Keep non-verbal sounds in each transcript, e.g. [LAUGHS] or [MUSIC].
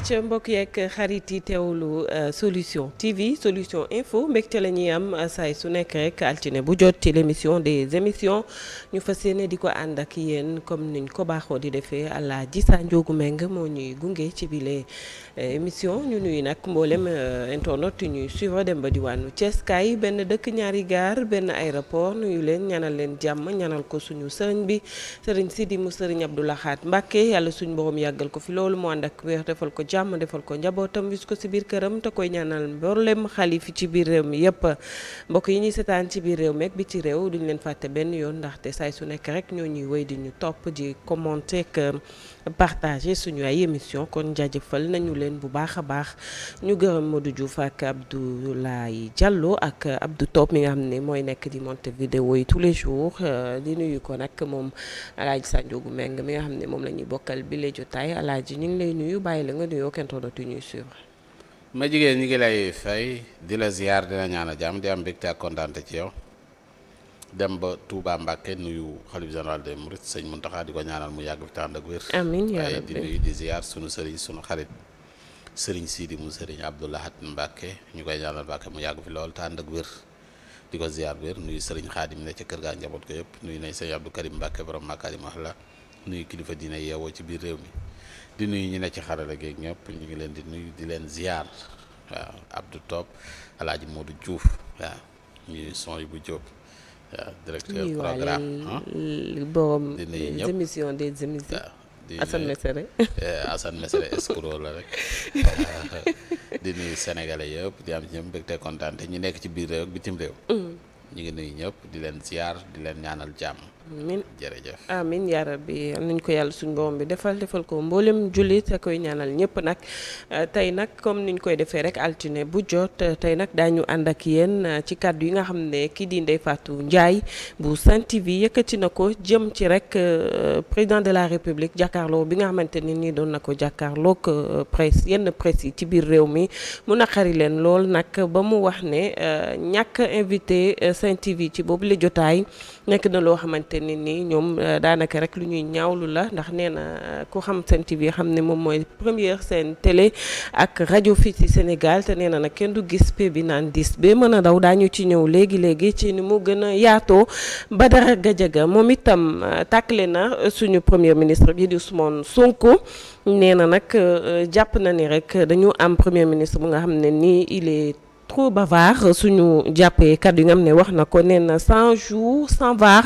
acca mbokk yeeg xarit yi teewlu euh, solution TV solution info mbégte la ñuy am euh, saay su nekk rek altine bu jot ci l' émission des émissions ñu fas yéene di ko ànd ak yéen comme niñ ko baaxoo di defee ji Jisa Njoogu Meng moo ñuy gunge ci bile euh, émission ñu nuyu nag mboolem internet yu ñuy suivre dem ba diwaanu ces kay benn dëkk ñaari gaar benn aéroport nuyu leen ñaanal leen jàmm ñaanal ko suñu sëriñ bi sëriñ di mu sëriñ Abdou Lahad Mbacké yàlla suñu borom yàggal ko jàmm defal ko njabootam wis ko ci biir këram te koy ñaanal mboolem xalifi ci biir réew mi yëpp mbokk yi ñuy seetaan ci biir réew meeg bi ci réew duñ leen fàtte benn yoon ndaxte saay su nekk rek ñoo ñuy woy di ñu topp di commenter ak euh, partager suñu ay émission kon jaajëfal nañu leen bu baax a baax ñu gërëm Modou Diouf ak Abdoulaye Diallo ak Abdou Top mi nga xam ne mooy nekk di monter vidéo yi tous les jours euh, di nuyu ko nag moom Alaaji Sanjoogu Meng mi nga xam moom la ñuy bokkal nuyoo kenn toog tu ñuy suivre. ma jigéen ñi ngi lay fay di la ziar dina ñaan jàmm di am mbégte ak kontaante ci yow dem ba Touba Mbacke nuyu xalif général des Mourides sëñ Mountakha di mu yàgg fi tànd ak wér. di nuyu sunu sëriñ sunu xarit. mu sëriñ Abdou Lahad Mbacke ñu koy ñaanal Mbacke mu yàgg fi lool tànd ak wér. di ko ziar wér nuyu sëriñ Xaadim ne ca kër gaa njaboot ko yëpp nuyu nañ sëriñ Abdou Karim Mbacke borom Makarimal la nuyu kilifa dina yeewoo ci biir réew mi. di nuyu ñi ne ci xarala geeg ñëpp ñu ngi leen di nuyu di leen ziar waaw Abdou Top alaaji Modou Diouf waaw ñuy son bu Diop waaw directeur programme ah. borom di nuyu ñëpp émission des émissions [LAUGHS] eh, [LAUGHS] di nuyu sénégalais am ñëpp mbégte kontaan te ñu nekk ci biir réew ak bitim réew mm. ñu ngi nuyu ñëpp di leen ziar di leen ñaanal jàmm amin jërëjëf amin yaa rabbi ko yàlla suñ ngoom bi defal defal ko mboolem jullit te koy ñaanal ñëpp nag euh, tey nag comme niñ koy defee rek altine bu jot euh, tey nag daañu ànd ak yéen euh, ci kàddu yi nga xam ne kii di Ndeye Fatou Ndiaye bu Sen TV yëkkati na ko jëm ci rek président de la république jàkkaarloo bi nga xamante ni nii doon na ko jàkkaarloog presse yenn presse yi ci biir réew mi mu xari leen lool nag ba mu wax ne ñàkk invité Sen TV ci boobu la jotaay nekk nit nii ñoom euh, daanaka rek lu ñuy ñawlu la ndax nee na euh, ku xam Sen TV xam ne moom mooy première seen télé ak rajo fii ci Sénégal te nee na nag kenn du gis pe bi naan dis ba mën a daw daañu ci ñëw léegi léegi ci ni mu gën a yaatoo Badara Gajaga moom itam euh, tàkkle na suñu premier ministre bi di Ousmane Sonko nee na nag jàpp na ni rek dañu am premier ministre bu nga xam ne nii il trop bavard suñu jàppee kàddu yi nga xam ne wax na ko nee na 100 jours sans VAR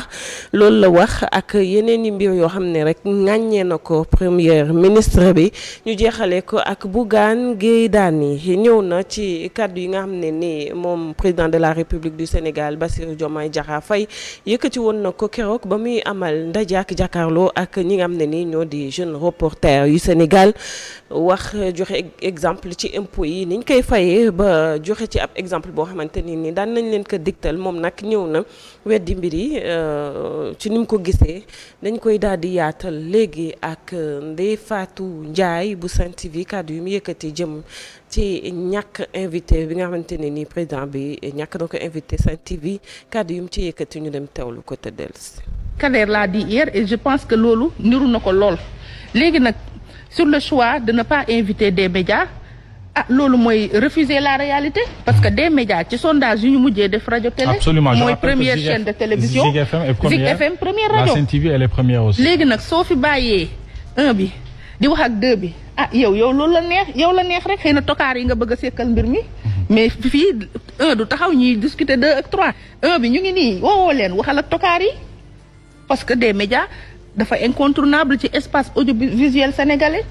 loolu la wax ak yeneen i mbir yoo xam ne rek ŋàññee na ko premier ministre bi ñu jeexalee ko ak Bougane Gueye Dany ñëw na ci kàddu yi nga xam ne ni moom président de la République du Sénégal Bassirou Diomaye Diakhar Faye yëkkati woon na ko keroog ba muy amal ndaje ak jàkkaarloo ak ñi nga xam ne ni ñoo di jeunes reporters yu Sénégal wax joxe exemple ci impôts yi niñ koy fayee ba joxe ci ab exemple boo xamante ni nii daan nañ leen ko digtal moom nag ñëw na weddi mbir yi euh, ci ni ko gisee dañ koy daal di yaatal léegi ak euh, Ndeye Fatou Ndiaye bu Sen TV kaddu yu mu yëkkati jëm ci ñàkk invité bi nga xamante ne nii président bi ñàkk na ko invité Sen TV kàddu yu mu ci yëkkati ñu dem teewlu ko te dellusi. Kader l'a dit hier et je pense que loolu niru na ko lool léegi nag sur le choix de ne pas inviter des médias. ah loolu mooy refuser la réalité parce que des médias ci sondage yu ñu mujjee def rajo télé. absolument mooy première chaîne de télévision Zik FM est première Zik FM première rajo. la Sen léegi nag soo fi bàyyee un bi di wax ak deux bi ah yow yow loolu la neex yow la neex rek xëy na tokaar yi nga bëgg a sekkal mbir mi. Mhm. mais fii un taxaw ñuy discuter deux ak trois un bi ñu ngi nii wowoo leen waxal ak tokaar yi parce que des médias dafa incontournable ci espace audiovisuel sénégalais.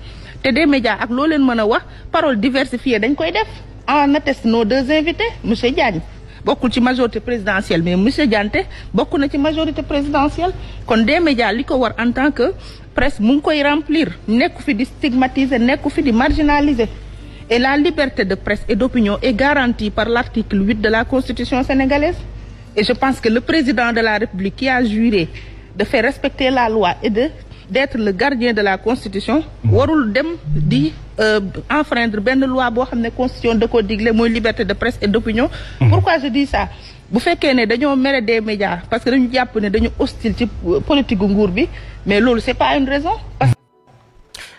te des médias ak loo leen mën a wax parole diversifiée dañ koy def en atteste nos deux invités monsieur Diagne bokkul ci majorité présidentielle mais monsieur Diante bokku na ci majorité présidentielle kon des médias li ko war en tant que presse mu ngi koy remplir nekku fi di stigmatiser nekku fi di marginaliser et la liberté de presse et d'opinion est garantie par l'article 8 de la constitution sénégalaise et je pense que le président de la république qui a juré respecter la loi de d'être le gardien de la constitution warul dem di euh, enfreindre benn loi boo xam ne constitution da koo digle mooy liberté de presse et d'opinion mhm. pourquoi je dis ça bu fekkee ne dañoo mere des média parce que dañu jàpp ne dañu hostile ci euh, politique gu nguur bi mais loolu c'est pas une raison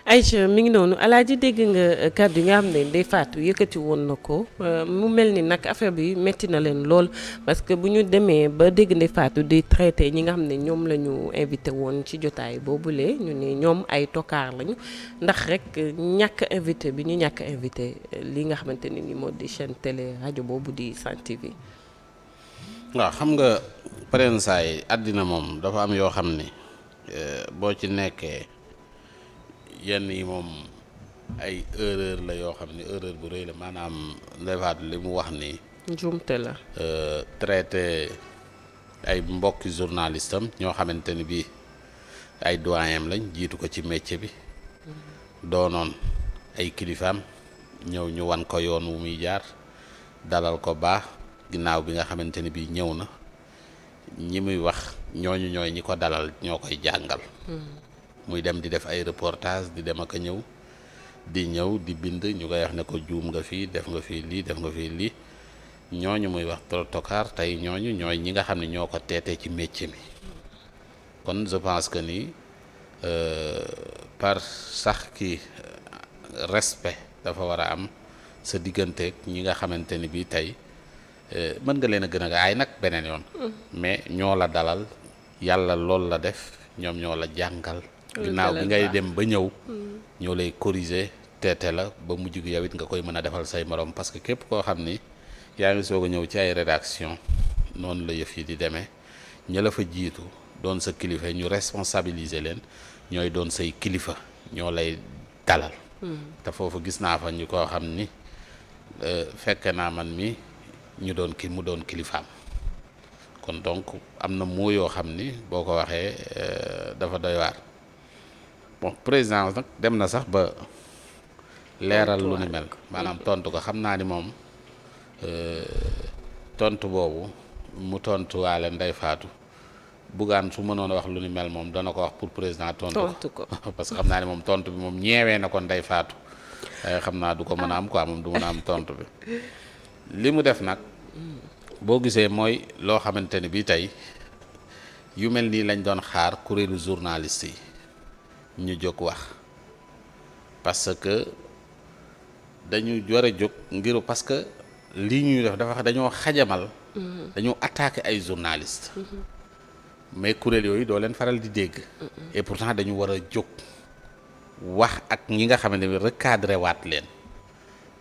ay Aïcha mi ngi noonu alaaji dégg nga euh, kàddu yi nga xam ne day faatu yëkkati woon na ko euh, mu mel ni nag affaire bi métti na leen lool parce que bu ñu demee ba dégg ndey faatu di traité ñi nga xam ne ñoom la ñu invité woon ci jotaay boobule ñu ne ñoom ay tokaar lañu ndax rek ñàkk invité bi ñu ñàkk invité euh, li nga xamante ni moo di chaîne télé rajo boobu di santé bi waaw xam nga prensaay àddina moom dafa am yoo xam ne boo ci nekkee. yenn yi moom ay erreur la yoo xam ne erreur bu réy la maanaam Ndeye Fatou li mu wax ni njuumte la. Euh, traité ay mbokki journaliste ñoo xamante ni bii ay doyen lañ jiitu ko ci métier bi. Mm-hmm. doonoon ay kilifaam ñëw ñu wan ko yoon wu muy jaar dalal ko baax ginnaaw bi nga xamante ni bii ñëw na ñi muy wax ñooñu ñooy ñi ko dalal ñoo koy jàngal. Mm-hmm. muy dem di def ay reportage di dem ak ñëw di ñëw di bind ñu koy wax ne ko juum nga fii def nga fii lii def nga fii lii ñooñu muy wax Tokar tey ñooñu ñooy ñi nga xam ne ñoo ko teetee ci métier mi kon je pense que ni euh, par sax ki euh, respect dafa war a am sa digganteeg ñi nga xamante ni bii tey euh, mën nga leen gën a aay nag beneen yoon. Mm. mais ñoo la dalal yàlla lool la def ñoom ñoo la jàngal. ginnaaw bi ngay dem ba ñëw hmm. ñoo lay corriger teete la ba mujj gi yawit nga koy mën a defal say morom parce que képp koo xam ni yaa ngi soog a ñëw ci ay rédaction noonu la yëf yi di demee ña fa jiitu doon sa kilifa ñu responsabiliser leen ñooy doon say kilifa ñoo lay dalal hmm. te foofu gis naa fa ñu koo xam ni euh, fekke naa man mi ñu doon ki mu doon kilifaam kon donc am na moo yoo xam ni boo ko waxee euh, dafa doy waar bon président dem na sax ba leeral lu ni mel maanaam tontu ko xam naa ni moom euh, tontu boobu mu tontuwaale Ndeye faatu Bougane su mënoon a wax lu ni mel moom dana ko wax pour président tontu ko [LAUGHS] parce que xam naa ni moom tontu bi moom ñeewee na ko Ndeye Fatou euh, xam naa du ko mën a am ko moom du mën a am tontu bi li mu def nag boo gisee mooy loo xamante ni bii tey yu mel nii lañ doon xaar kuréelu journaliste yi ñu jóg wax parce que dañu war a jóg ngir parce que lii ñuy def dafa dañoo xajamal. Mm-hmm. dañoo attaqué ay journalistes. Mm-hmm. mais kuréel yooyu doo leen faral di dégg. Mm-hmm. et pourtant dañu war a jóg wax ak ñi nga xamante ne recadré waat leen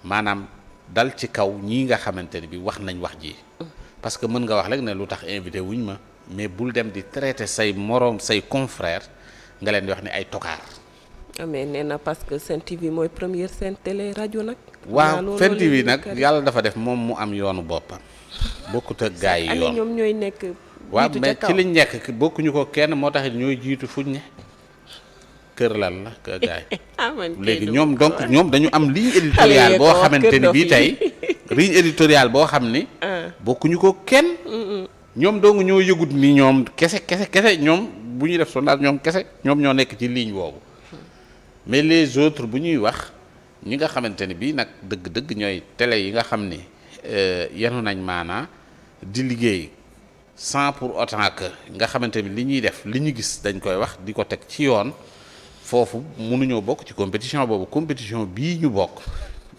maanaam dal ci kaw ñii nga xamante ne bi wax nañ wax ji. parce que mën nga wax rek ne lu tax invité wuñ ma mais bul dem di traité say moroom say confrères nga leen di wax ne ay tokaar. amee nee na parce que Sen TV mooy première seen télé rajo nag. waaw Sen nag yàlla dafa def moom mu am yoonu boppam. bokkut ak gars yi yoon ñoom ñooy nekk. waaw mais ci liñ nekk bokkuñu ko kenn moo tax ñooy jiitu fuñ ne. kër lan la [LAUGHS] ah, léegi ñoom ñoom dañu am ligne [LAUGHS] éditoriale boo xamante ni bii tey [LAUGHS] ligne éditoriale boo xam ni ah. bokkuñu ko kenn ñoom dong ñoo yëgut ni ñoom kese kese kese ñoom bu ñu def sondage ñoom kese ñoom ñoo nekk ci ligne boobu mais les autres bu ñuy wax ñi nga xamante ni bii nag dëgg-dëgg ñooy télé yi nga xam ni euh, yenu nañ maanaa di liggéey sans pour autant que nga xamante ni li ñuy def li ñu gis dañ koy wax di ko teg ci yoon foofu mënuñoo bokk ci compétition boobu compétition bii ñu bokk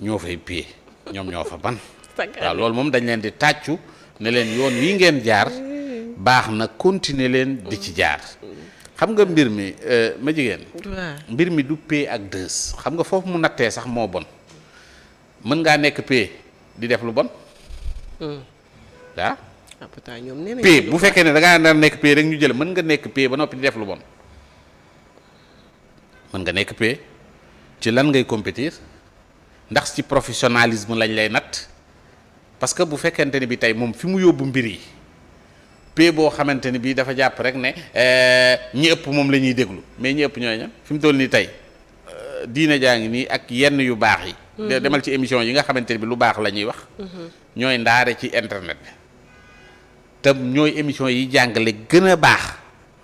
ñoo fay pied ñoom ñoo fa ban waaw loolu moom dañ leen di tàccu ne leen yoon wii ngeen jaar baax na continuer leen di ci jaar xam nga mbir mi euh, ma jigéen mbir mi du P ak 2 xam nga foofu mu nattee sax moo bon mën ngaa nekk P di def lu bon waaw hmm. ah. ah, P bu fekkee ne da ngaa nar nekk P rek ñu jël mën nga nekk P ba noppi di def lu bon mën nga nekk P ci lan ngay compétir ndax ci professionnalisme lañ lay natt parce que bu fekkente ni bi tey moom fi mu yóbbu mbir yi paie boo xamante ni bii dafa jàpp rek ne eh, ñi ëpp moom la ñuy déglu mais ñi ëpp ñooy ña fi mu toll nii tey euh, diina jaa ngi nii ak yenn yu baax yi. Mhm. demal ci émission yi nga xamante ni bi lu baax la ñuy wax. Mhm. ñooy ndaare ci internet bi te ñooy émission yi jàngale gën a baax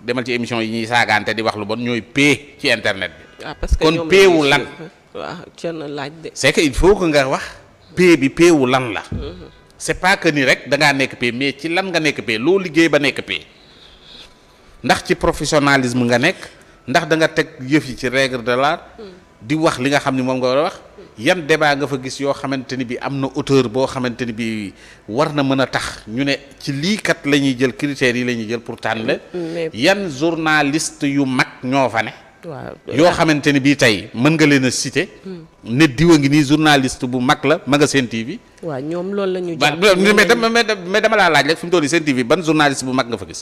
demal ci émission yi ñuy saagaante di wax lu bon ñooy paie ci internet bi. Ah, parce que kon paie wu lan. waaw laaj de. c'est que il faut que nga wax paie bi paie lan la. Mhm. c'est pas que ni rek da ngaa nekk pay mais ci lan nga nekk pay loo liggéey ba nekk pay ndax ci professionnalisme nga nekk ndax danga teg yëf yi ci règle de l'art di wax li nga xam ni moom nga war a wax yan débat nga fa gis yoo xamante ni bi am na auteur boo xamante ni bi war na mën a tax ñu ne ci lii kat la ñuy jël critères yi la ñuy jël pour tànn. yan journaliste yu mag ñoo fa ne. yoo xamante ni bii tey mën nga leen a citer. Hmm. ne a ngi nii journaliste bu mag la mag nga seen TV. waa ñoom loolu la ñu jàpp mais dama mais dama laa laaj rek fi mu toll nii seen TV ban journaliste bu mag nga fa gis.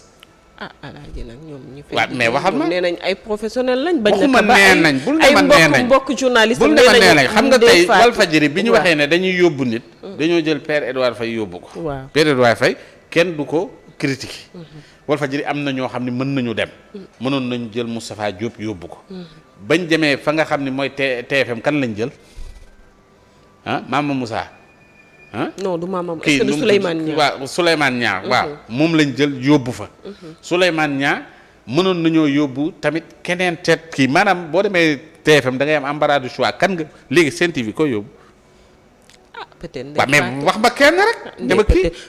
ah alaaji nag ñoom ñu. waaw mais waxal ma nee nañ ay professionnel lañ. bañ na ba ay nañ bul ay mbokk mbokk journaliste. bul dema xam nga tey Walfadjri bi ñu waxee ne dañuy yóbbu nit. Hmm. dañoo jël Père Edouard Faye yóbbu ko. waaw Père Edouard Faye kenn du ko critiquer. Hmm. Walfadjri am na ñoo xam ne mën nañu dem. mënoon nañu jël mustafaa Diop yóbbu ko. bañ demee fa nga xam ne mooy te TFM kan lañ jël ah ma Moussa. ah non du maamam est-ce mhm. waaw moom lañ jël yóbbu fa. Mhm. Souleymane Niang mënoon nañoo yóbbu tamit keneen teet kii maanaam boo demee TFM da ngay am embarras du choix kan nga léegi Sen TV koy yóbbu. peut-être waaw wax ma kenn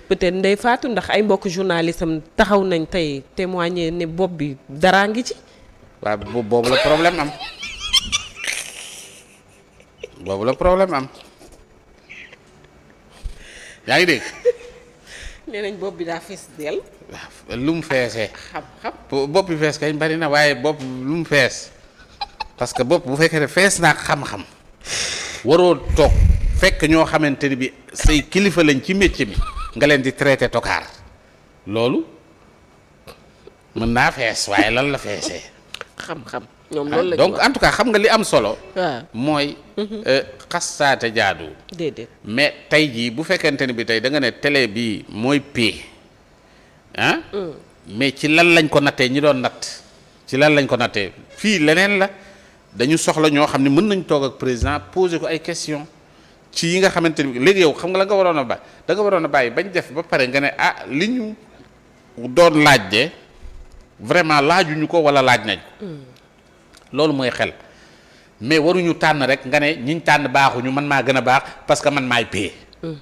peut-être Ndeye Fatou ndax ay mbokk journaliste am taxaw nañ tey témoigner ne bopp bi daraa ngi ci. waaw boobu la problème am boobu la problème am yaa ngi dégg. [LAUGHS] ne nañ bopp bi daa fees dell. waaw lu mu feesee. xam-xam bopp bi fees kañ bari na waaye bopp lu mu fees parce que bopp bu fekkee ne fees naa xam-xam waroo toog. fekk ñoo xamante ni bi say kilifa lañ ci métier bi nga leen di traité tokaar loolu mën naa fees waaye lan la feesee. xam-xam donc en tout cas xam nga li am solo. Ah. mooy. Mhm. Euh, xasaate jaadu. déedéet mais tey jii bu fekkente ni bi tey danga ne télé bii mooy pii mm. mais ci lan lañ ko nattee ñi doon natt ci lan lañ ko nattee fii leneen la dañu soxla ñoo xam ne mën nañ toog ak président poser ko ay questions. ci yi nga xamante ni léegi yow xam nga la nga waroon a bàyyi da nga waroon a bàyyi bañ def ba pare nga ne ah li ñu doon laaj de vraiment laajuñu ko wala laaj nañ hmm. loolu mooy xel mais waruñu tànn rek nga ne ñiñ tànn baaxuñu man maa gën a baax parce que man maay paye hmm.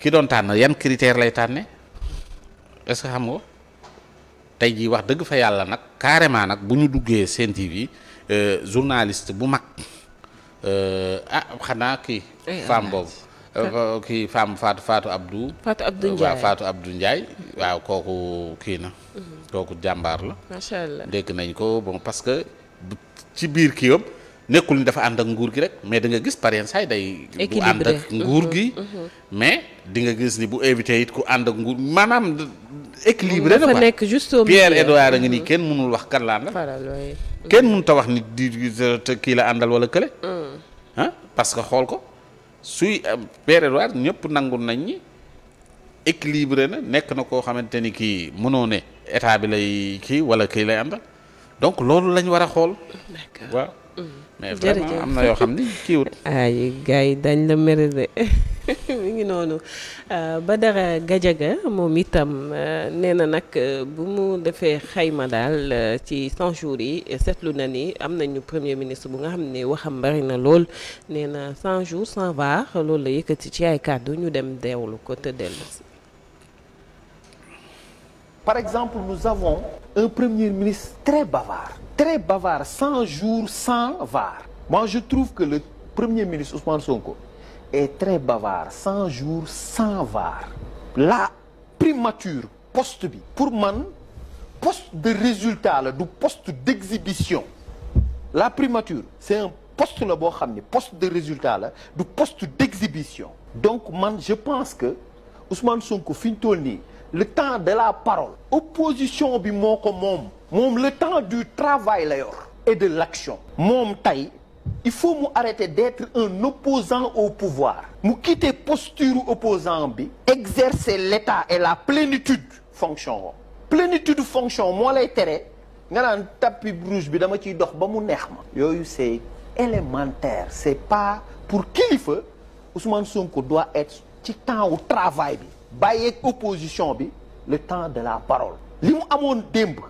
ki doon tànn yan critère lay tànne est xam nga tey jii wax dëgg fa yàlla nag carrément nag bu ñu duggee Sen TV euh, journaliste bu mag Eh, ah xanaa kii. Eh, femme boobu. Eh, kii femme Fatou Fatou Abdou. Fatou Abdou Ndiaye waaw Fatou Abdou Ndiaye. waaw kooku kii na. Mhm. kooku jàmbaar la. macha allah dégg nañ ko bo parce que ci biir kii yëpp nekkul ni dafa ànd ak nguur gi rek mais danga gis par yenn day. du ànd ak nguur gi. Mhm, mhm. mais di nga gis ni bu éviter it ku ànd ak nguur maanaam. équilibré na quoi Pierre Edouard a ngi nii kenn mënul wax kan la àndal kenn mënut a wax ni di kii la àndal wala kële mm. ah parce que xool ko suy euh, Pierre Edouard ñëpp nangu nañ ñi équilibré na nekk na koo xamante ni kii mënoo ne état bi lay kii wala kii lay àndal donc loolu lañ war a xool waaw mm. mais vraiment am na yoo xam ni kiiwut. [LAUGHS] ay gars yi dañ la mere de [LAUGHS] mi ngi noonu euh, Badara Gajaga moom itam euh, nee na nag euh, bu mu defee xayma daal ci 100 jours yi seetlu na ni am nañu premier ministre bu nga xam ne waxam bari na lool nee na 100 jours 100 var loolu la ay kàddu ñu dem deewlu ko te dellu par exemple nous avons un premier ministre très bavard. très bavard cent jours sans VAR moi je trouve que le premier ministre Ousmane Sonko est très bavard cent jours sans VAR la primature poste bi pour man poste de résultat la du poste d'exhibition la primature c'est un poste la boo xam ne poste de résultat la du poste d'exhibition donc man je pense que Ousmane Sonko fi ñu toll nii le temps de la parole opposition bi moo ko moom moom le temps du travail la yor et de l'action moom tey il faut mu arrêter d'être un opposant au pouvoir mu quitter posture opposant bi exercer l'état et la plénitude fonction woo plénitude fonction moo lay tere nga naan tapis rouge bi dama ciy dox ba mu neex ma yooyu c'est élémentaire c'est pas pour kilifa Ousmane Sonko doit être ci temps wu travail bi bàyyeeg opposition bi le temps de la parole li mu amoon démb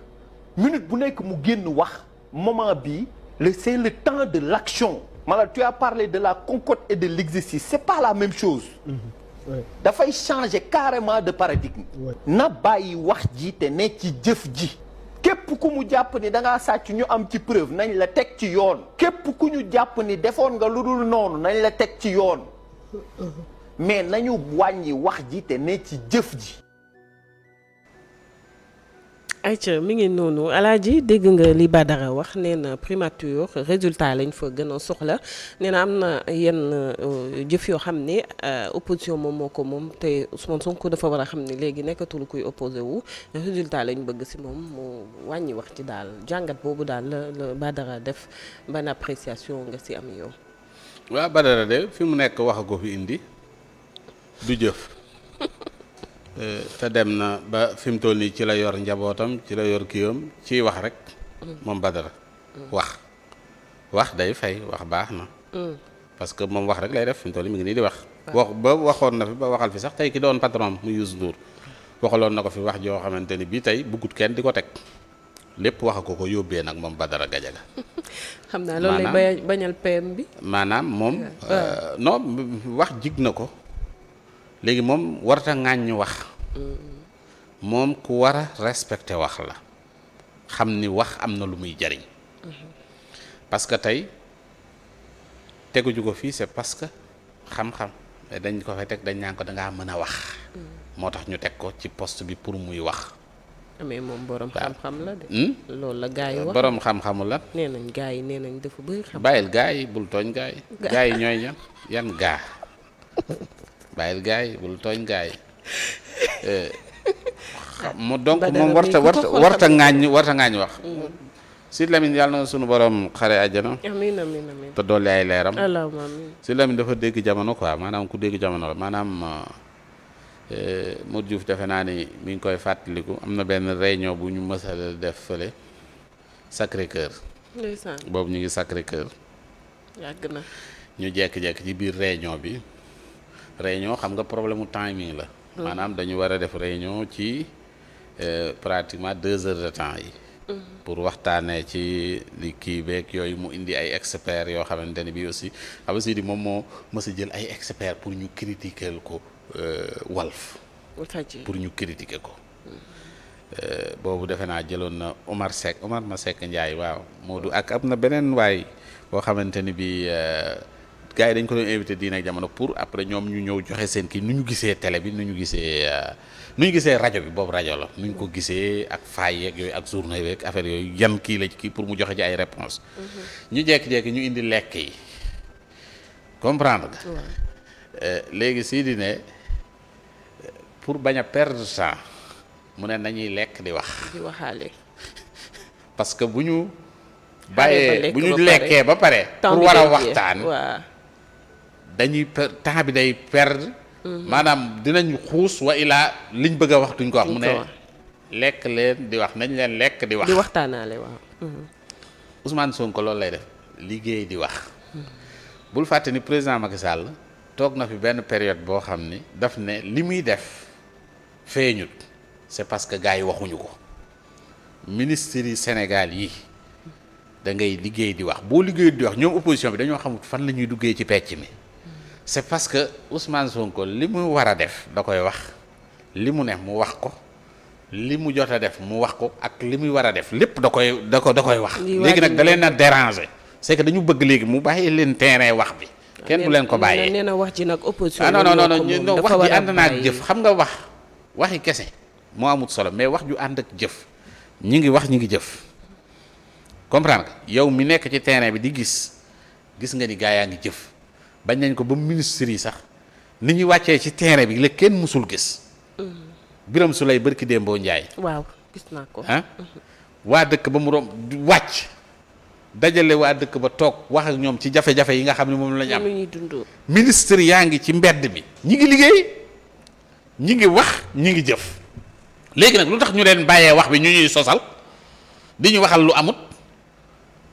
minute bu nekk mu génn wax moment bi le c'est le temps de l'action maanaam tu as parlé de la concorde et de l'exercice c'est pas la même chose mm-hmm. dafay changer carrément de paradigme na bàyyi wax ji te ne ci jëf ji képp ku mu jàpp ni danga sàcc ñu am ci preuve nañ la teg ci yoon képp ku ñu jàpp ni defoon nga lu dul noonu nañ la teg ci yoon mm-hmm. mais nañu wàññi wax ji te ne ci jëf ji ay ayca mi ngi noonu alaaji dégg nga li Badara wax nee na primature résultat lañ fa gën a soxla nee na am na yenn euh, jëf yoo xam ne euh, opposition moom moo ko moom te Ousmane Sonko dafa war a xam ne léegi nekkatul kuy opposé wu résultat lañ bëgg si moom mu wàññi wax ci daal jàngat boobu daal la la def ban appréciation nga si am yow. waaw Badara de fi mu nekk wax ko fi indi du jëf. te dem na ba fi mu toll nii ci la yor njabootam ci la yor kiiwam ciy wax rek mm. moom Badara mm. wax wax day fay wax baax na mm. parce que moom wax rek lay def fi mu toll nii mi ngi nii di wax ba waxoon na fi ba waxal fi sax tey ki doon patron mu Youssou Ndour waxaloon na ko fi wax joo xamante ni bii tey bëggut kenn di ko teg lépp wax ko ko yóbbee nag moom Badara Gajaga [LAUGHS] xam naa loolu lay bi maanaam moom euh, non wax jig na ko léegi moom warta ñu wax mm-hmm. moom ku war a respecté wax la xam ni wax am na lu muy jariñ mm-hmm. parce que tey teguñu ko fii c'est parce que xam-xam dañ ko fay teg dañ naan ko dangaa mën a wax mm-hmm. moo tax ñu teg ko ci post bi pour muy wax mais moom borom xam-xam la de. Hmm? loolu la gaa yi wax la. nee nañ gaa yi nee nañ dafa bëri xam. bàyyil gaa yi bul tooñ gaa yi. gaa yi ñooy yan yan gaa. [LAUGHS] bàyyil gaay bul tooñ gaay [LAUGHS] eh, mu donc moom warta warta warta ŋaañ warta ŋaañ wax mm. si Lamine yàlla na sunu borom xare àjjana amiin amiin te dolli ay leeram si amiin dafa dégg jamono quoi maanaam ku dégg jamono la maanaam eh, Modou Diouf defe naa ni mi koy fàttaliku am na benn réunion bu ñu mës def fële Sacré Cœur boobu ñu ngi Sacré Cœur yàgg ñu jekk-jekk ci biir réunion bi réunion xam nga problème mu timing la. maanaam dañu war a def réunion ci euh, pratiquement deux heures de temps yi. Mhm. pour waxtaanee ci li kii beeg yooyu mu indi ay experts yoo xamante ne bii aussi xam nga di moom moo mës a jël ay experts pour ñu critiquer ko euh, Walf. pour ñu critiquer ko. Mhm. Euh, boobu defe naa jëloon na Omar Seck Omar Masseck Ndiaye waaw Modou ak am na beneen waay boo xamante ni bii. gars yi dañ ko doon invité diine ak jamono pour après ñoom ñu ñëw joxe seen kii nu ñu gisee télé bi nu ñu gisee euh, nu ñu gisee rajo bi boobu rajo la nu ñu ko gisee ak faay yeeg yooyu ak journée yeeg affaire yooyu yan kii la kii pour mu joxe ci ay réponse mm-hmm. ñu jékki-jékki ñu indi lekk yi comprendre nga. Euh, léegi sii di ne pour bañ a perdre temps mu ne nañuy lekk di wax. di [LAUGHS] que bu ñu. bàyyee bu ñu lekkee ba pare. pour war waxtaan. dañuy per temps bi day perd mhm. maanaam dinañ xuus wa ilaa liñ bëgg a wax duñ ko wax. mu ne lekk leen di wax nañ leen lekk di wax. di waxtaanaale waaw. Mhm. Ousmane Sonko loolu lay def liggéey di wax. Mhm. bul fàtte président Macky toog na fi benn période boo xam ni daf ne li muy def feeñut c'est parce que gars yi waxuñu ko. ministres yi Sénégal yi da ngay liggéey di wax boo liggéey di wax ñoom opposition bi dañoo xamut fan la ñuy duggee ci pecc mi. c'est parce que Ousmane Sonko li mu war a def da koy wax li mu ne mu wax ko li mu jot a def mu wax ko ak li muy war a def lépp da koy da ko da koy wax léegi nag da leen a déranger c'est que dañu bëgg léegi mu bàyyi leen terrain wax bi kenn du leen ko bàyyee nee na wax ji nag opposition ah non non non wax ji ànd naa ak jëf xam nga wax waxi kese moo amut solo mais wax ju ànd ak jëf ñi ngi wax ñi ngi jëf comprendre nga yow mi nekk ci terrain bi di gis gis nga ni gaa yaa ngi jëf bañ nañ ko ba ministre yi sax ni ñuy wàccee ci terrain bi la kenn musul gis. Biram Souleye barki Dembo njaay waaw gis naa ko. ah waa dëkk ba mu rom wàcc dajale waa dëkk ba toog wax ak ñoom ci jafe-jafe yi nga xam ne moom la ñu am. ñuy dund. yaa ngi ci mbedd mi. ñi ngi liggéey ñi ngi wax ñi ngi jëf léegi nag lu tax ñu leen bàyyee wax bi ñu sosal di waxal lu amut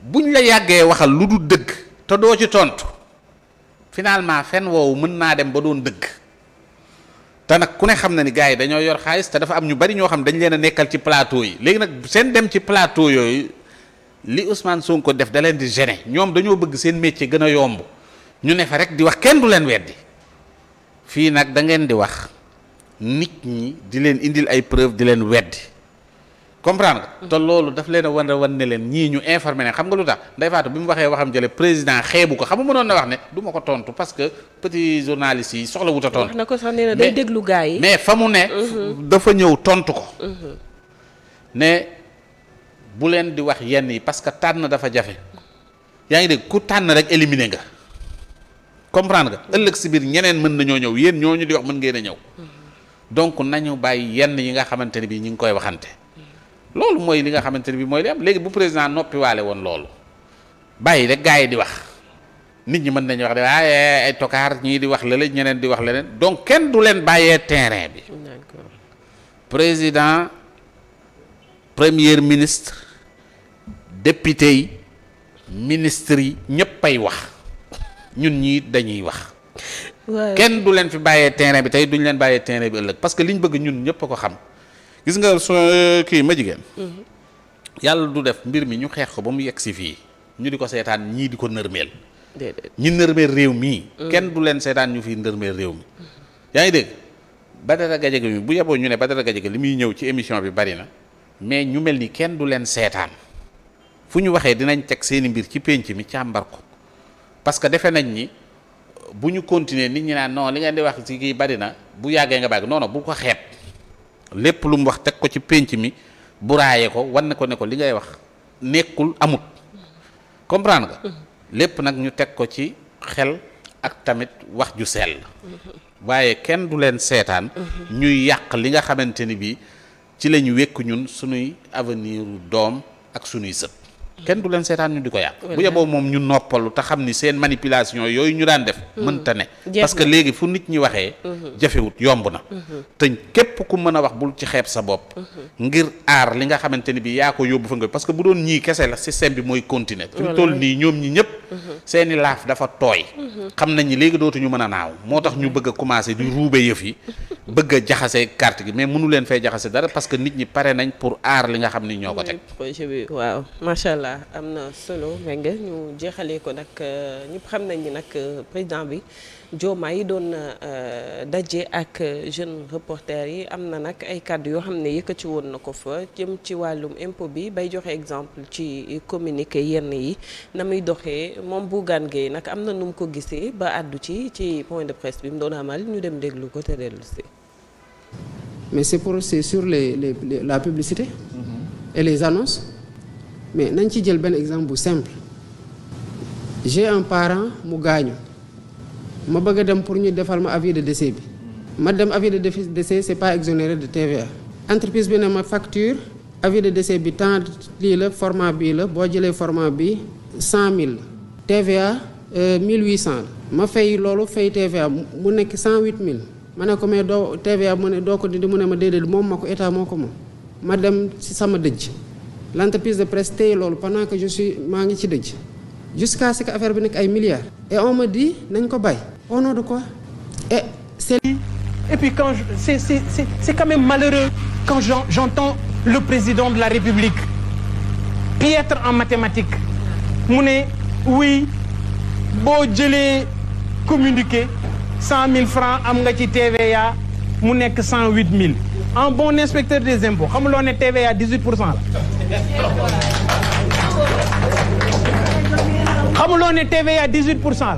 buñ la yàggee waxal lu du dëgg te doo ci tontu. finalement fen woowu mën naa dem ba doon dëgg te nag ku ne xam na ni gars yi dañoo yor xaalis te dafa am ñu bari ñoo xam dañ leen a nekkal ci plateau yi léegi nag seen dem ci plateau yooyu li Ousmane ko def da leen di gêner ñoom dañoo bëgg seen métier gën a yomb ñu ne fa rek di wax kenn du leen weddi fii nag dangeen di wax nit ñi di leen indil ay preuve di leen weddi comprendre nga. Mm. te loolu daf leen a wan a wan ne leen ñii ñu informé ne xam nga lu tax Ndeye Fatou bi mu waxee waxam jële président xeebu ko xam nga mënoon na wax ne du ma ko tontu parce que petit journaliste yi soxla wut a tontu. na ko sax nee na day déglu gars mais fa mu ne. Mm-hmm. dafa ñëw tontu ko. Mm-hmm. ne bu leen di wax yenn yi parce que tànn dafa jafe. yaa ngi dégg ku tànn rek éliminer nga. comprendre nga mm-hmm. ëllëg si biir ñeneen mën nañoo ñëw yéen ñooñu di wax mën ngeen a ñëw. donc nañu bàyyi yenn yi nga xamante ne bii ñu ngi koy waxante. loolu mooy li nga xamante ne bi mooy li am léegi bu président noppiwaale waale woon loolu bàyyi rek gars yi di wax nit ñi mën nañu wax de waaye ay tokaar ñii di wax lële ñeneen di wax leneen donc kenn du leen bàyyee terrain bi président premier ministre député yi ministre yi ñëppay wax ñun ñii dañuy wax kenn du leen fi bàyyee terrain bi tey duñ leen bàyyee terrain bi ëllëg parce que liñ bëgg ñun ñëpp ko xam gis nga soo eh, kii ma jigéen mhm. yàlla du def mbir mi ñu xeex ko ba mu yegg si fii ñu di ko seetaan ñii di ko nërmeel ñi nërmeel réew mii mhm. kenn du leen seetaan ñu fii nërmeel réew mi yaa ngi dégg Badara Gadiaga mi bu yeboo ñu ne Badara Gadiaga li muy ñëw ci émission bi bari na mais ñu mel ni kenn du leen seetaan fu ñu waxee dinañ teg seeni mbir ci pénc mi càmbar ko parce que defe nañ ni bu ñu continuer nit ñi naan non li ngeen di wax ci kii bari na bu yàggee nga bàyyi non bu ko xeeb lépp lu mu wax teg ko ci pénc mi bu raayee ko wan na ko ne ko li ngay wax nekkul amut comprendre nga. Mm-hmm. lépp nag ñu teg ko ci xel ak tamit wax ju sell. Mm-hmm. waaye kenn du leen seetaan. Mm-hmm. ñuy yàq li nga xamante ni bii ci lañu wékk ñun sunuy avenir doom ak sunuy sët. kenn du leen seetaan ñu di ko yàq. bu yeboo moom ñu noppalu te xam ni seen manipulation yooyu ñu daan def. Mm-hmm. mënta ne parce que léegi fu nit ñi waxee. Mm-hmm. jafewut yomb na. Mm-hmm. te képp ku mën a wax bul ci xeeb sa bopp. ngir aar li nga xamante ni bi yaa ko yóbbu fa nga parce que bu doon ñii kese la système bi mooy continuer. fi toll nii ñoom ñi ñëpp. seeni i laaf dafa tooy xam nañ ni léegi dootuñu mën a naaw moo tax ñu bëgg a commencé di ruube yëf yi bëgg a jaxase kart gi mais mënu leen fee jaxase dara parce que nit ñi pare nañ pour aar li nga xam ni ñoo ko teg projet bi waaw macha allah am na solo Mbengue ñu jeexale ko nag euh, ñëpp xam nañ ni nag euh, président bi jomaa yi doon na euh, daje ak euh, jeune reporter yi am na nag ay kàddu yoo xam ne yëkkati woon na ko fa jëm ci wàllum impo bi bay joxe exemple ci communiqué yenn yi na muy doxe moom bu Bougane Gueye nag am na nu mu ko gisee ba àddu ci ci point de presse bi mu doon amal ñu dem déglu ko te dellu si mais c'est pour c'est sur les, les, la publicité mm-hmm. et les annonces mais nañ ci jël benn exemple bu simple j'ai un parent mu gaañu ma bëgg a dem pour ñu defal ma avide de bi ma dem avis de décès c'est pas exonéré de TVA entreprise bi ne ma facture avis de décès bi tant lii la format bii la boo jëlee format bi cent mille TVA euh, mille huit cent ma fay loolu fay TVA mu nekk cent huit mille ma ne ko mais doo TVA mu ne doo ko dindi mu ne ma déedéet moom ma ko état moo ko moom ma dem ci sama dëj l'entreprise de presse tey loolu pendant que je maa ngi ci dëj jusqu'à ce que affaire bi nekk ay milliards et on me dit nañ ko bàyyi Au nom de quoi Et eh, c'est. Et puis quand je... malheureux quand j'entends le président de la République, piètre en mathématiques, mu ne oui boo jëlee communiqué cent mille francs am nga ci TVA mu nekk cent huit mille en bon inspecteur des impôts xamuloo ne TVA dix huit pour cent la xamuloo ne TVA dix huit pour cent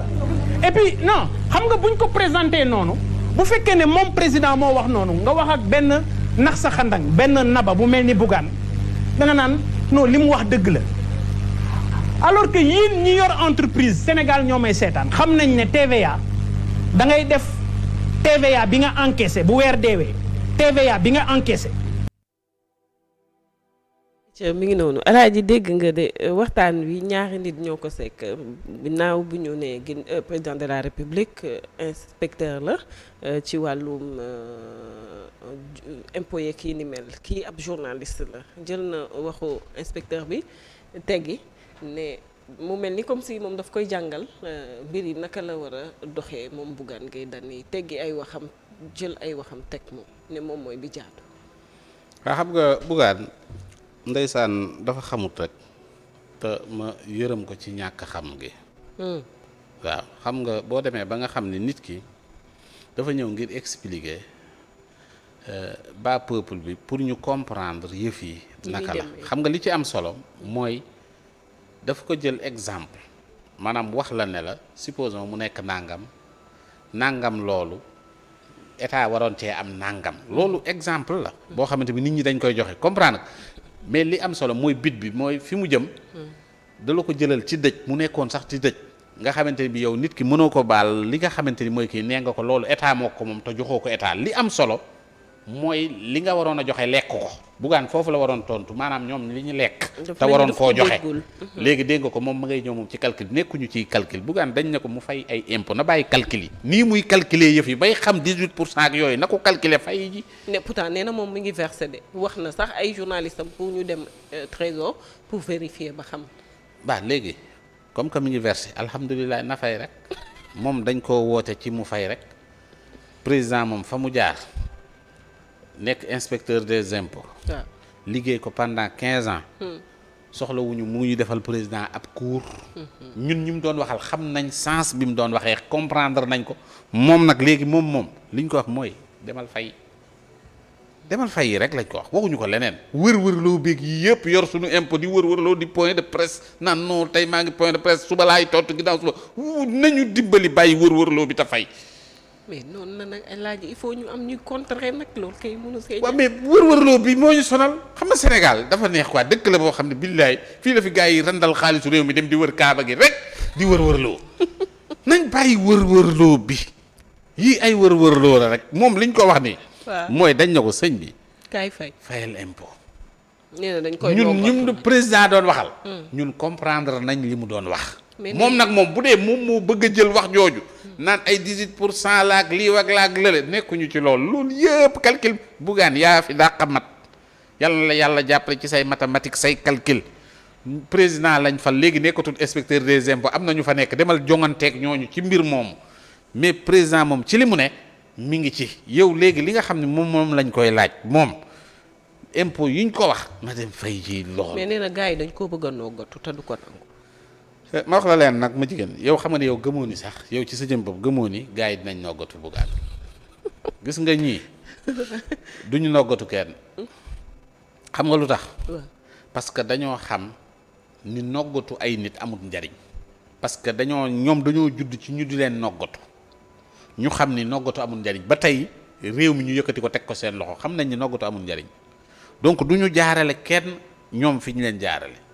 et puis xam nga buñ ko présenter noonu bu fekkee ne moom président moo wax noonu nga wax ak benn nax sa xandang benn naba bu mel ni Bougane danga naan non li mu wax dëgg la alors que yéen ñi yor entreprise Sénégal ñoo may seetaan xam nañ ne TVA da ngay def TVA bi nga encaissé bu weer deewee TVA bi nga encaissé ci mi ngi noonu alaaji dégg nga de euh, waxtaan wi ñaari nit ñoo ko sekk naaw bu ñu nee gin euh, président de la république euh, inspecteur la ci wàllum impôt yeeg kii ni mel kii ab journaliste la jël na waxu inspecteur bi teggi ne mu mel ni comme si moom daf koy jàngal mbir yi naka la war a doxee moom Bougane Gueye Dany teggi ay waxam jël ay waxam teg moom ne moom mooy bi jaadu. waa xam nga Bougane ndeysaan dafa xamut rek te ma yërëm ko ci ñàkk xam gi hmm. waaw xam nga boo demee ba nga xam ni nit ki dafa ñëw ngir expliquer euh, ba peuple bi pour ñu comprendre yëf yi naka la xam nga li ci am solo mooy dafa ko jël exemple maanaam wax la ne la supposons mu nekk nangam nangam loolu état waroon cee am nangam hmm. loolu exemple la boo xamante bi nit ñi dañ koy joxe comprendre mais li am solo mooy bit bi mooy fi mu jëm da la ko jëlal ci dëj mu nekkoon sax ci dëj nga xamante ni bi yow nit ki mënoo ko baal li nga xamante ni mooy kii nee nga ko loolu état moo ko moom te joxoo ko état li am solo mooy li nga waroon a joxe lekk ko bugaan foofu la waroon tontu maanaam ñoom li ñu lekk te waroon koo joxe mhm. léegi dégg nga ko moom ma ngay ñëw moom ci calcul nekkuñu ciy calcul bugaan dañ ne ko mu fay ay impôt na bàyyi calcul yi nii muy calculer yëf yi bay xam 18 pour cent ak yooyu na ko calculer fay ji ne pourtant na moom mi ngi versé de wax na sax ay journaliste am pour ñu dem euh, trésor pour vérifier ba xam waa léegi comme que mi ngi versé alhamdulilah na fay rek moom dañ koo woote ci mu fay rek président moom fa mu jaar nekk inspecteur des impôts. liggéey ko pendant quinze ans. Hmm. soxlawuñu mu ngi ñu defal président ab cour. Hmm. ñun ñu mu doon waxal xam nañ sens bi mu doon waxee comprendre nañ ko moom nag léegi moom moom liñ ko wax mooy demal fay demal fay yi rek lañ ko wax waxuñu ko leneen. wër-wër loo beeg yëpp yor suñu impôt di wër-wër di point de presse naan non tey maa ngi point de presse suba laay tontu ginnaaw suba nañu dibbali bàyyi wër-wër loo bi fay. mais noonu na nag ay laaj il faut ñu am ñuy contrer nag loolu kay mënu see. bi moo ñu sonal xam na Sénégal dafa neex quoi dëkk la boo xam ne billaay fii la fi gars yi randal xaalisu réew mi dem di wër kaaba gi rek di wër-wërloo [LAUGHS] nañ bàyyi wër-wërloo bi yii ay wër-wërloo la rek moom liñ ko wax nii. mooy dañ na ko sëñ bi. kaay fay fayal impôt. nee na dañ koy ñun ñun président doon waxal. Hmm. ñun comprendre nañ li mu doon wax. moom nag moom bu dee moom moo bëgg a jël wax jooju naan ay 18 pour cent laag lii wag laag lële nekkuñu ci lool loolu yëpp calcul buggaan yaa fi dàqa mat yàlla la yàlla jàppale ci say mathématique say calcul président lañ fa léegi nekkatul inspecteur des impôts am na ñu fa nekk demal jonganteeg ñooñu ci mbir moomu mais président moom ci li mu ne mi ngi ci yow léegi li nga xam ne moom moom lañ koy laaj moom yu yuñ ko wax ma dem fay ji loxo mais nee na yi dañ koo bëgg a noggatu te du ko Eh, ma wax la leen nag ma jigéen yow xam nga ne yow gëmoo ni sax yow ci sa jëm bopp gëmoo ni gars yi dinañ noggatu Bougane gis nga ñii duñu noggatu kenn xam nga lu tax. parce que dañoo xam ni noggatu ay nit amul njariñ parce que dañoo ñoom dañoo judd ci ñu di leen noggatu ñu xam ni noggatu amul njariñ ba tey réew mi ñu yëkkati ko teg ko seen loxo xam nañ ni noggatu amul njariñ donc du jaarale kenn ñoom fi ñu leen jaarale.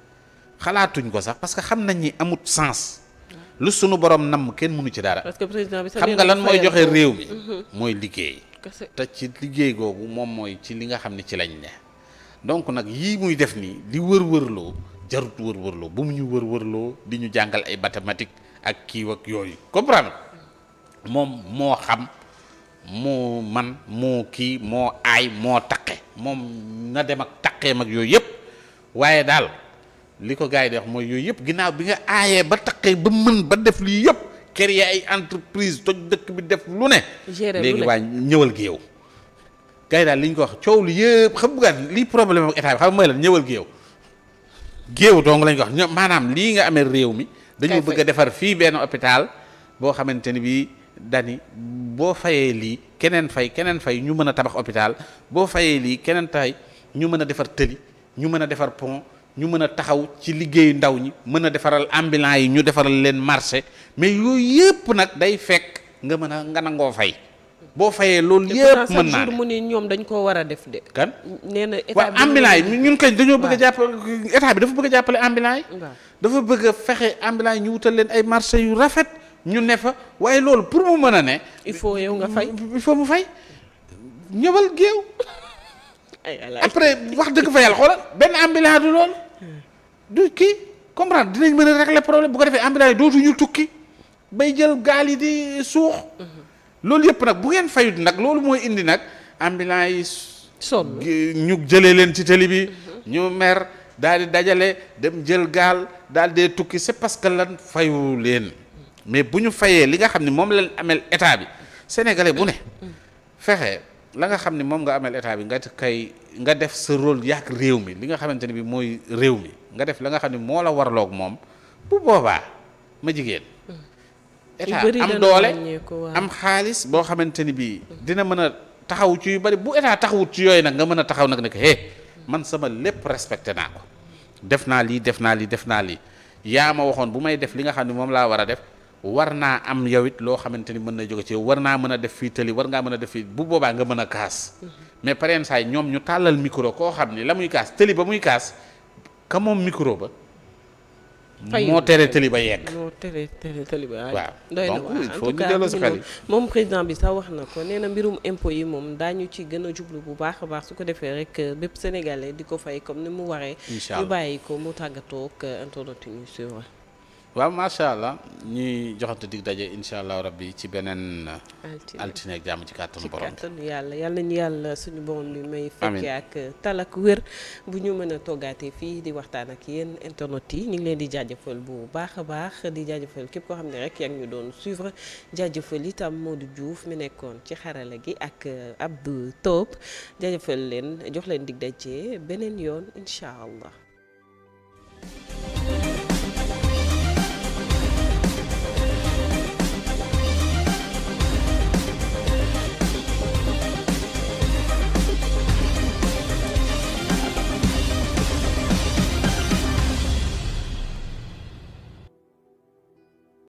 xalaatuñ ko sax parce que xam nañ ni amut sens lu sunu borom namm kenn mënu ci dara. parce que président bi xam nga lan mooy joxe réew mi. Mhm. mooy liggéey. te ci liggéey googu moom mooy ci li nga xam ne ci lañ ne. donc nag yii muy def nii di wër-wërloo jarut wër-wërloo bu mu ñu wër-wërloo di ñu jàngal ay mathématiques ak kiiw ak yooyu comprendre moom moo xam. moo man moo kii moo aay moo taqe moom na dem ak taqeem mag yooyu yëpp waaye daal li ko gars yi di wax mooy yooyu yëpp ginnaaw bi nga aayee ba taqee ba mën ba def lii yëpp créer ay entreprise toj dëkk bi def lu ne léegi waa ñëwal gi yow gars daal li ko wax coow li yëpp xam buggaan lii problème ak état bi xam mooy lan ñëwal gi yow géew dong lañ ko wax ñoom maanaam lii nga amee réew mi dañoo bëgg a defar fii benn hôpital boo xamante ni bii dani boo fayee lii keneen fay keneen fay ñu mën a tabax hôpital boo fayee lii keneen tay ñu mën a defar tëli ñu mën a defar pont ñu mën a taxaw ci liggéeyu ndaw ñi mën a defaral ambulants yi ñu defaral leen marché mais yooyu yëpp nag day fekk nga mën a nga nangoo fay. boo fayee loolu yëpp mën naa mu ni ñoom dañ koo war a def de. kan nee na état bi ambulants yi koy dañoo bëgg a dafa bëgg jàppale ambulants dafa bëgg fexe ambulants ñu wutal leen ay marché yu rafet ñu ne fa waaye loolu pour mu mën a ne. il faut yow nga fay il faut bu fay ñëwal géew. après wax dëgg fa yàlla xoolal benn ambulant du loolu du kii comprendre dinañ mën a régler problème bu ko defee ambulant yi ñu tukki bay jël gaal yi di suux loolu yëpp nag bu ngeen fayut nag loolu mooy indi nag ambulant yi sonn ñu jëlee leen ci télé bi ñu mer daal di dajale dem jël gaal daal dee tukki c'est parce que lan fayu leen mais bu ñu fayee li nga xam ne moom lañ ameel état bi sénégalais bu ne fexe la nga xam ne moom nga amee état bi nga kay nga def sa rôle yàq réew mi li nga xamante ne bi mooy réew mi nga def la nga xam ne moo la warloog moom bu boobaa ma jigéen état am doole am xaalis boo xamante ni bi dina mën a taxaw ci yu bari bu état taxawut ci yooyu nag nga mën a taxaw nag nekk hé man sama lépp respecté naa ko def naa lii def naa lii def naa lii yaa ma waxoon bu may def li nga xam ne moom laa war a def war naa am yow it loo xamante ni mën na jóge ci war naa mën a def fii tëli war ngaa mën a def fii bu boobaa nga mën a kaas mm-hmm. mais pareen saay ñoom ñu tàllal micro koo xam ni la muy kaas tëli ba muy kaas ka moom micro ba moo tere tëli ba yegg moo tere tere tëli ba waaw moom président bi sax wax na ko nee na mbirum impôt yi moom daañu ci gën a jublu bu baax a baax su ko defee rek euh, bépp sénégalais di ko fay comme ni mu waree ñu bàyyi ko mu tàggatoo ak euh, internet ñu suivre waaw macha allah ñuy joxante dig daje incha allah rabbi ci beneen. altine ak jàmm ci kàttanu borom bi ci kàttanu yàlla yàlla ñu yàlla suñu borom bi may. fekkee ak tal ak wér. bu ñu mën a toggaatee fii di waxtaan ak yéen internet yi ñu ngi leen di jaajëfal bu baax a baax di jaajëfal képp koo xam ne rek yaa ñu doon suivre jaajëfal itam di juuf mu nekkoon ci xarala gi ak euh, Abdou Top jaajëfal leen jox leen dig daje beneen yoon incha allah.